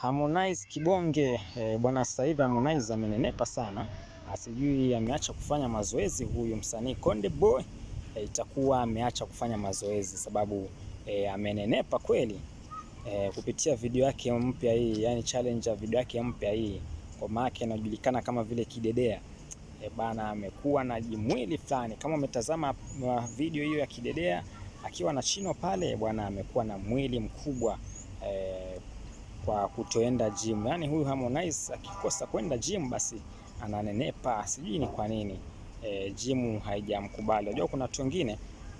Harmonize kibonge e, bwana sasa hivi Harmonize amenenepa sana, asijui ah, ameacha kufanya mazoezi huyu msanii Konde Boy e, itakuwa ameacha kufanya mazoezi sababu e, amenenepa kweli e, kupitia video yake mpya hii, yani challenge ya video yake mpya hii, kwa maana anajulikana kama vile Kidedea e, bana amekuwa na jimwili fulani. Kama umetazama video hiyo ya Kidedea akiwa na chino pale, bwana amekuwa na mwili mkubwa e, kwa kutoenda gym. Yaani huyu Harmonize akikosa kwenda gym basi ananenepa, sijui ni kwa nini e, gym haijamkubali. Unajua kuna watu wengine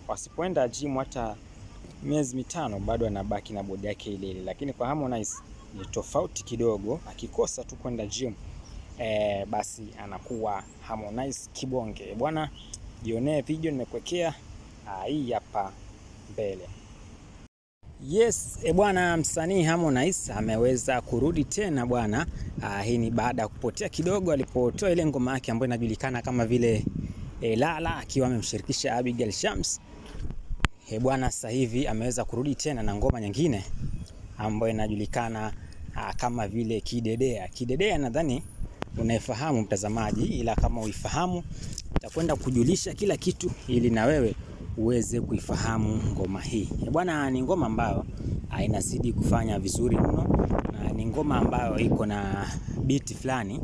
wasipoenda gym hata miezi mitano bado anabaki na bodi yake ile ile, lakini kwa Harmonize ni tofauti kidogo. Akikosa tu kwenda gym e, basi anakuwa Harmonize kibonge bwana. Jionee video nimekuwekea ah, hii hapa mbele. Yes, e bwana, msanii Harmonize ameweza kurudi tena bwana. Ah, hii ni baada ya kupotea kidogo alipotoa ile ngoma yake ambayo inajulikana kama vile e, Lala akiwa amemshirikisha Abigail Shams. E bwana, sasa hivi ameweza kurudi tena na ngoma nyingine ambayo inajulikana ah, kama vile Kidedea. Kidedea nadhani unaifahamu mtazamaji, ila kama uifahamu nitakwenda kujulisha kila kitu ili na wewe uweze kuifahamu ngoma hii. Bwana, ni ngoma ambayo inazidi kufanya vizuri mno na ni ngoma ambayo iko na beat fulani,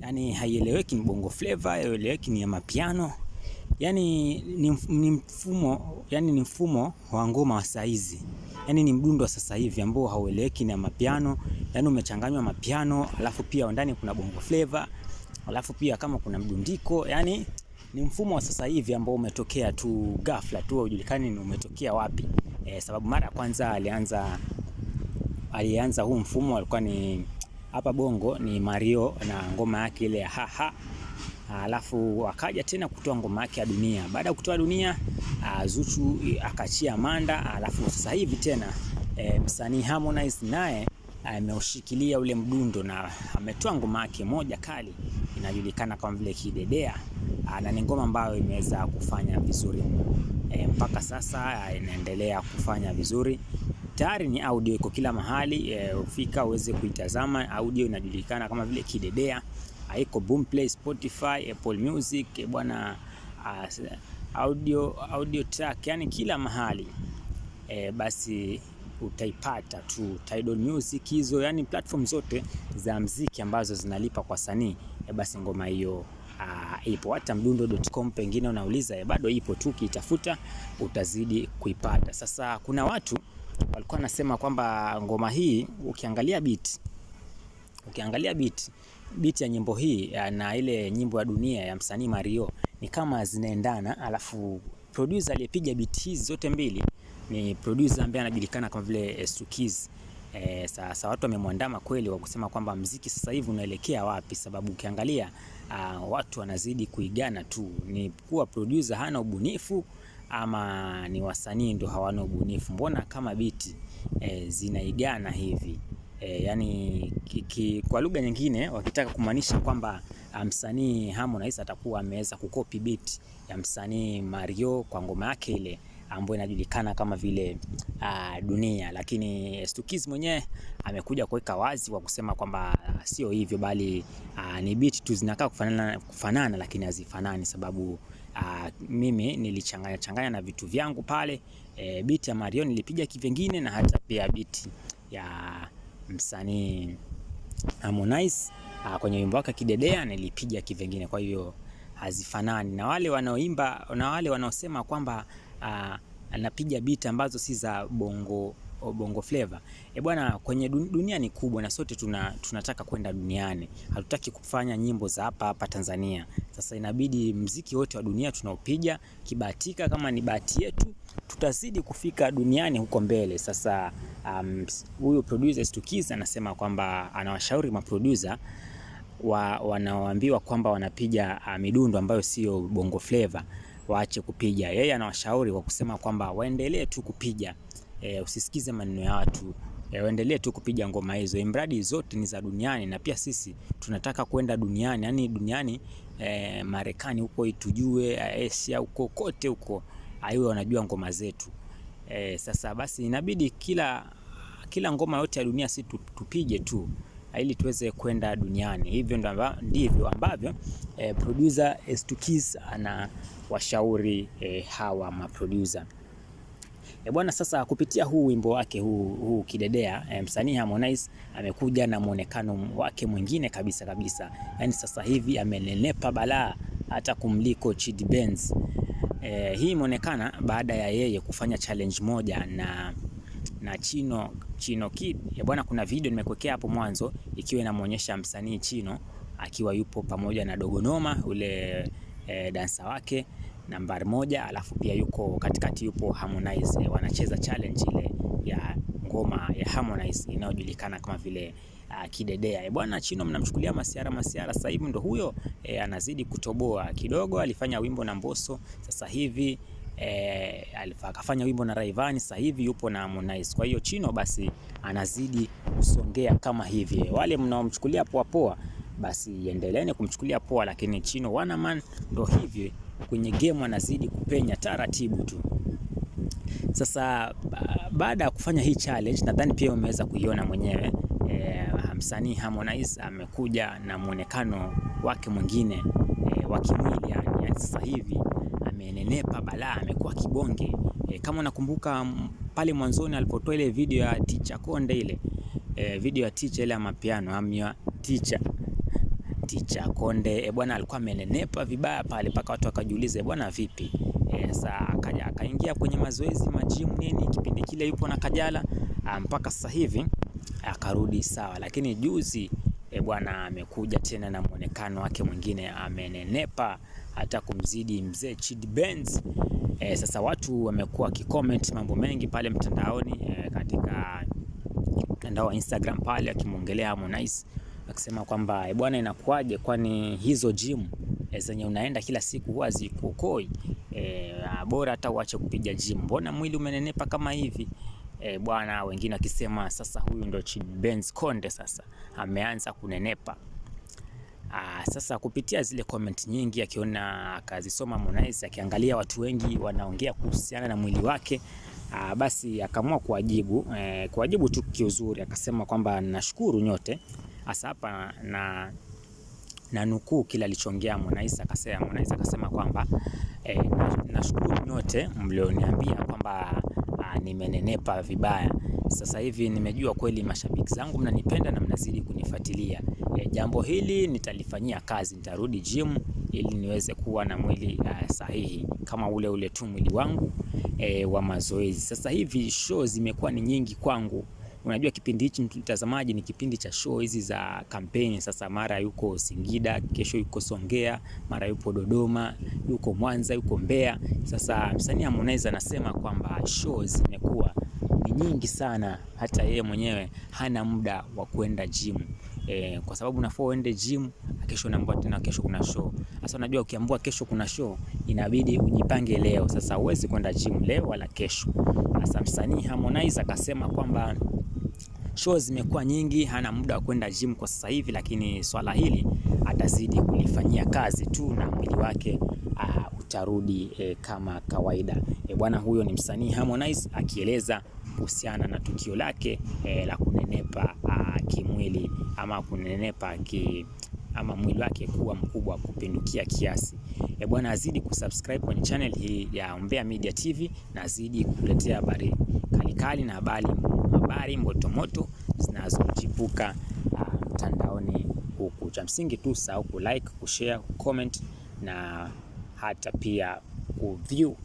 yani haieleweki ni bongo flava, haieleweki ni ya mapiano. Yani ni mfumo, yani ni mfumo wa ngoma wa saizi. Yani ni mdundo wa sasa hivi ambao haueleweki na mapiano, yani umechanganywa mapiano, alafu pia ndani kuna bongo flavor, alafu pia kama kuna mdundiko, yani ni mfumo wa sasa hivi ambao umetokea tu ghafla tu, haujulikani ni umetokea wapi. E, sababu mara ya kwanza alianza alianza huu mfumo alikuwa ni hapa Bongo ni Mario na ngoma yake ile ya haha, alafu akaja tena kutoa ngoma yake ya dunia. Baada ya kutoa dunia, ah, Zuchu akachia Manda, alafu sasa hivi tena e, msanii Harmonize naye ah, ameushikilia ule mdundo na ametoa ngoma yake moja kali inajulikana kama vile Kidedea. Ah, na ni ngoma ambayo imeweza kufanya vizuri e, mpaka sasa ah, inaendelea kufanya vizuri. Tayari ni audio iko kila mahali e, ufika uweze kuitazama. Audio inajulikana kama vile Kidedea, ah, iko Boomplay, Spotify, Apple Music eh, bwana audio, audio track yani kila mahali e, basi utaipata tu Tidal Music hizo, yani platform zote za mziki ambazo zinalipa kwa sanii e, basi ngoma hiyo ipo. Hata mdundo.com pengine unauliza, eh, bado ipo tu, kiitafuta utazidi kuipata. Sasa kuna watu walikuwa nasema kwamba ngoma hii ukiangalia beat, ukiangalia beat, beat ya nyimbo hii eh, na ile nyimbo ya dunia ya msanii Mario ni kama zinaendana, alafu producer aliyepiga beat hizi zote mbili ni producer ambaye anajulikana kama vile eh, Sukizi. E, sasa watu wamemwandama kweli wa kusema kwamba mziki sasa hivi unaelekea wapi, sababu ukiangalia uh, watu wanazidi kuigana tu, ni kuwa producer hana ubunifu ama ni wasanii ndo hawana ubunifu. Mbona kama biti e, eh, zinaigana hivi e, yani kiki, kwa lugha nyingine wakitaka kumaanisha kwamba ah, msanii Harmonize atakuwa ameweza kukopi biti ya msanii Mario kwa ngoma yake ile ambayo inajulikana kama vile uh, Dunia, lakini Stukiz mwenyewe amekuja kuweka wazi kwa kusema kwamba ah, sio hivyo, bali uh, ni beat tu zinakaa kufanana, kufanana lakini hazifanani sababu Uh, mimi nilichanganya changanya na vitu vyangu pale e, eh, biti ya Mario nilipiga kivengine na hata pia biti ya msanii Harmonize uh, kwenye wimbo wake Kidedea nilipiga kivengine, Kwa hiyo hazifanani na wale wanaoimba na wale wanaosema kwamba uh, anapiga beat ambazo si za bongo bongo flavor. E bwana, kwenye dunia ni kubwa na sote tuna, tunataka kwenda duniani, hatutaki kufanya nyimbo za hapa hapa Tanzania. Sasa inabidi mziki wote wa dunia tunaopiga, kibahatika kama ni bahati yetu, tutazidi kufika duniani huko mbele. Sasa um, huyu um, producer Stukiza anasema kwamba anawashauri maproducer wa, wanaoambiwa kwamba wanapiga uh, midundo ambayo sio bongo flavor waache kupiga. Yeye anawashauri kwa kusema kwamba waendelee tu kupiga e, usisikize maneno ya watu e, waendelee tu kupiga ngoma hizo, imradi zote ni za duniani, na pia sisi tunataka kwenda duniani, yani duniani e, Marekani huko itujue, Asia huko kote huko aiwe wanajua ngoma zetu e, sasa basi inabidi kila kila ngoma yote ya dunia si tupige tu ili tuweze kwenda duniani. Hivyo ndivyo ambavyo eh, producer s ana washauri eh, hawa maproducer. E eh, bwana, sasa kupitia huu wimbo wake huu, huu kidedea e, msanii Harmonize amekuja na mwonekano wake mwingine kabisa kabisa, yaani sasa hivi amenenepa balaa hata kumliko Chidi Benz. E, hii imeonekana baada ya yeye kufanya challenge moja na na Chino, Chino Kid ya bwana, kuna video nimekuwekea hapo mwanzo ikiwa inamuonyesha msanii Chino akiwa yupo pamoja na Dogonoma ule e, dansa wake nambari moja, alafu pia yuko katikati, yupo Harmonize, eh, wanacheza challenge ile ya ngoma ya Harmonize inayojulikana kama vile uh, kidedea. E bwana, Chino mnamchukulia masiara masiara, sasa hivi ndo huyo e, anazidi kutoboa kidogo. Alifanya wimbo na Mbosso, sasa hivi eh, akafanya wimbo na Rayvanny, sasa hivi yupo na Harmonize. Kwa hiyo Chino basi anazidi kusongea kama hivi. Wale mnaomchukulia poa poa, basi endeleeni kumchukulia poa, lakini Chino man ndo hivi kwenye game anazidi kupenya taratibu tu. Sasa baada ya kufanya hii challenge, nadhani pia umeweza kuiona mwenyewe eh, msanii Harmonize amekuja na mwonekano wake mwingine eh, wa kimwili yani, sasa hivi amenenepa balaa, amekuwa kibonge e, kama unakumbuka pale mwanzoni alipotoa ile video ya Ticha Konde ile e, video ya Ticha ile ya mapiano amya teacher teacher Konde e, bwana alikuwa amenenepa vibaya pale mpaka watu wakajiuliza bwana vipi e, sa akaja akaingia kwenye mazoezi majimu nini kipindi kile yupo na Kajala mpaka sasa hivi akarudi sawa, lakini juzi E bwana, amekuja tena na mwonekano wake mwingine, amenenepa hata kumzidi mzee Chid Benz. E, sasa watu wamekuwa wakicomment mambo mengi pale mtandaoni e, katika mtandao wa Instagram pale akimwongelea Harmonize akisema kwamba e bwana, inakuwaje kwani hizo gym e, zenye unaenda kila siku huwa zikukoi e, bora hata uache kupiga gym, mbona mwili umenenepa kama hivi? e, bwana, wengine akisema sasa huyu ndo Benz Konde sasa ameanza kunenepa. Aa, ah, sasa kupitia zile comment nyingi akiona akazisoma Harmonize, akiangalia watu wengi wanaongea kuhusiana na mwili wake aa, ah, basi akaamua kuwajibu e, kuwajibu tu kiuzuri, akasema kwamba nashukuru nyote hasa hapa na na nukuu kila alichongea Harmonize akasema, Harmonize akasema kwamba e, nashukuru nyote mlioniambia kwamba nimenenepa vibaya. Sasa hivi nimejua kweli mashabiki zangu mnanipenda na mnazidi kunifuatilia. E, jambo hili nitalifanyia kazi, nitarudi gym ili niweze kuwa na mwili uh, sahihi kama ule ule tu mwili wangu e, wa mazoezi. Sasa hivi show zimekuwa ni nyingi kwangu. Unajua kipindi hichi mtazamaji, ni kipindi cha show hizi za kampeni. Sasa mara yuko Singida, kesho yuko Songea, mara yupo Dodoma, yuko Mwanza, yuko Mbeya. Sasa msanii Harmonize anasema kwamba show zimekuwa ni nyingi sana, hata yeye mwenyewe hana muda wa kwenda gym e, kwa sababu nafaa uende gym, kesho unaambiwa tena kesho kuna show. Sasa unajua ukiambiwa kesho kuna show inabidi ujipange leo. Sasa huwezi kwenda gym leo wala kesho. Sasa msanii Harmonize akasema kwamba show zimekuwa nyingi, hana muda wa kwenda gym kwa sasa hivi, lakini swala hili atazidi kulifanyia kazi tu na mwili wake uh, utarudi eh, kama kawaida. Eh, bwana huyo ni msanii Harmonize akieleza kuhusiana na tukio lake eh, la kunenepa uh, kimwili ama kunenepa ki ama mwili wake kuwa mkubwa kupindukia kiasi. E bwana, azidi kusubscribe kwenye channel hii ya Umbea Media TV na azidi kukuletea habari kalikali na habari habari motomoto zinazochipuka ah, mtandaoni huku. Cha msingi tu ku kulike, kushare, comment na hata pia view